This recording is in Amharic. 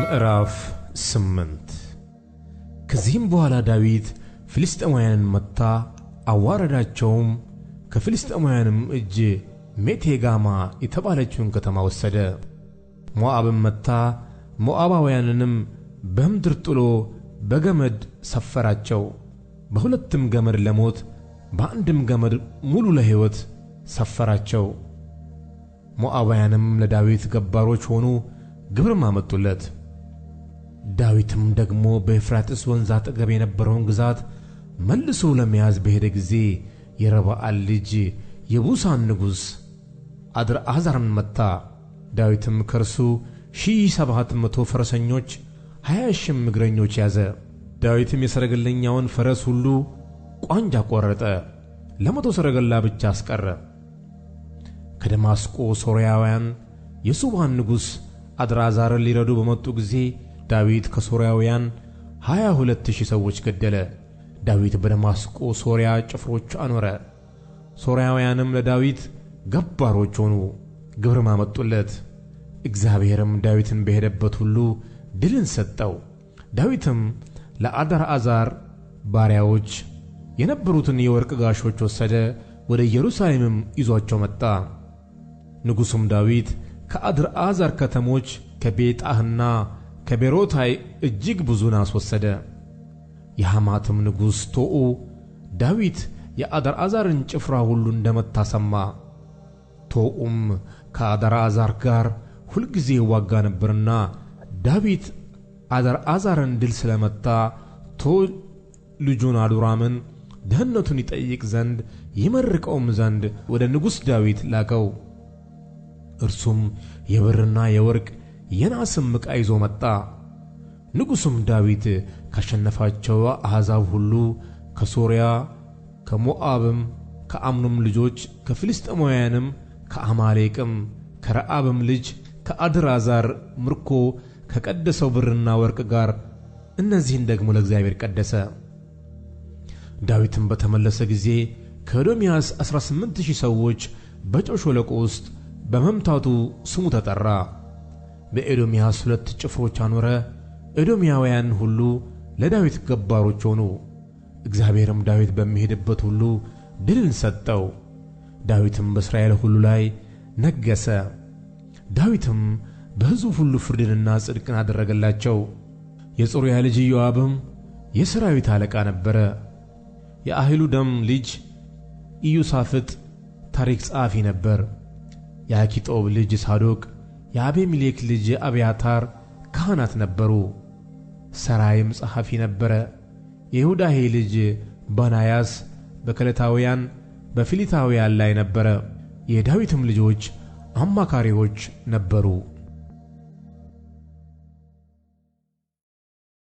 ምዕራፍ ስምንት ከዚህም በኋላ ዳዊት ፍልስጥኤማውያንን መታ፣ አዋረዳቸውም። ከፍልስጥኤማውያንም እጅ ሜቴጋማ የተባለችውን ከተማ ወሰደ። ሞዓብም መታ፣ ሞዓባውያንንም በምድር ጥሎ በገመድ ሰፈራቸው። በሁለትም ገመድ ለሞት በአንድም ገመድ ሙሉ ለሕይወት ሰፈራቸው። ሞዓባውያንም ለዳዊት ገባሮች ሆኑ፣ ግብርም አመጡለት። ዳዊትም ደግሞ በኤፍራጥስ ወንዝ አጠገብ የነበረውን ግዛት መልሶ ለመያዝ በሄደ ጊዜ የረባአል ልጅ የቡሳን ንጉሥ አድርአዛርን መታ። ዳዊትም ከእርሱ ሺህ ሰባት መቶ ፈረሰኞች፣ ሀያ ሺህም እግረኞች ያዘ። ዳዊትም የሰረገለኛውን ፈረስ ሁሉ ቋንጃ ቆረጠ ለመቶ ሰረገላ ብቻ አስቀረ። ከደማስቆ ሶርያውያን የሱባን ንጉሥ አድራዛርን ሊረዱ በመጡ ጊዜ ዳዊት ከሶርያውያን ሀያ ሁለት ሺህ ሰዎች ገደለ። ዳዊት በደማስቆ ሶርያ ጭፍሮች አኖረ። ሶርያውያንም ለዳዊት ገባሮች ሆኑ፣ ግብርም አመጡለት። እግዚአብሔርም ዳዊትን በሄደበት ሁሉ ድልን ሰጠው። ዳዊትም አዛር ባሪያዎች የነበሩትን የወርቅ ጋሾች ወሰደ፣ ወደ ኢየሩሳሌምም ይዟቸው መጣ። ንጉሡም ዳዊት አዛር ከተሞች ከቤጣህና ከቤሮታይ እጅግ ብዙን አስወሰደ። የሐማትም ንጉሥ ቶዑ ዳዊት የአደርአዛርን ጭፍራ ሁሉ እንደመታ ሰማ። ቶዑም ከአደርአዛር ጋር ሁልጊዜ ይዋጋ ነበርና ዳዊት አደርአዛርን ድል ስለመታ ቶ ልጁን አዱራምን ደህንነቱን ይጠይቅ ዘንድ ይመርቀውም ዘንድ ወደ ንጉሥ ዳዊት ላከው። እርሱም የብርና የወርቅ የናስም ዕቃ ይዞ መጣ። ንጉሡም ዳዊት ካሸነፋቸው አሕዛብ ሁሉ ከሶርያ፣ ከሞዓብም፣ ከአምኖም ልጆች፣ ከፍልስጥኤማውያንም ከአማሌቅም፣ ከረአብም ልጅ ከአድራዛር ምርኮ ከቀደሰው ብርና ወርቅ ጋር እነዚህን ደግሞ ለእግዚአብሔር ቀደሰ። ዳዊትም በተመለሰ ጊዜ ከኤዶምያስ ዐሥራ ሺህ ሰዎች በጨው ሸለቆ ውስጥ በመምታቱ ስሙ ተጠራ። በኤዶምያስ ሁለት ጭፍሮች አኖረ። ኤዶምያውያን ሁሉ ለዳዊት ገባሮች ሆኑ። እግዚአብሔርም ዳዊት በሚሄድበት ሁሉ ድልን ሰጠው። ዳዊትም በእስራኤል ሁሉ ላይ ነገሰ። ዳዊትም በሕዝቡ ሁሉ ፍርድንና ጽድቅን አደረገላቸው። የጽሩያ ልጅ ኢዮአብም የሠራዊት አለቃ ነበረ። ደም ልጅ ኢዩሳፍጥ ታሪክ ጸሐፊ ነበር። የአኪጦብ ልጅ ሳዶቅ የአቤሜሌክ ልጅ አብያታር ካህናት ነበሩ። ሰራይም ጸሐፊ ነበረ። የይሁዳሄ ልጅ በናያስ በከለታውያን በፊሊታውያን ላይ ነበረ። የዳዊትም ልጆች አማካሪዎች ነበሩ።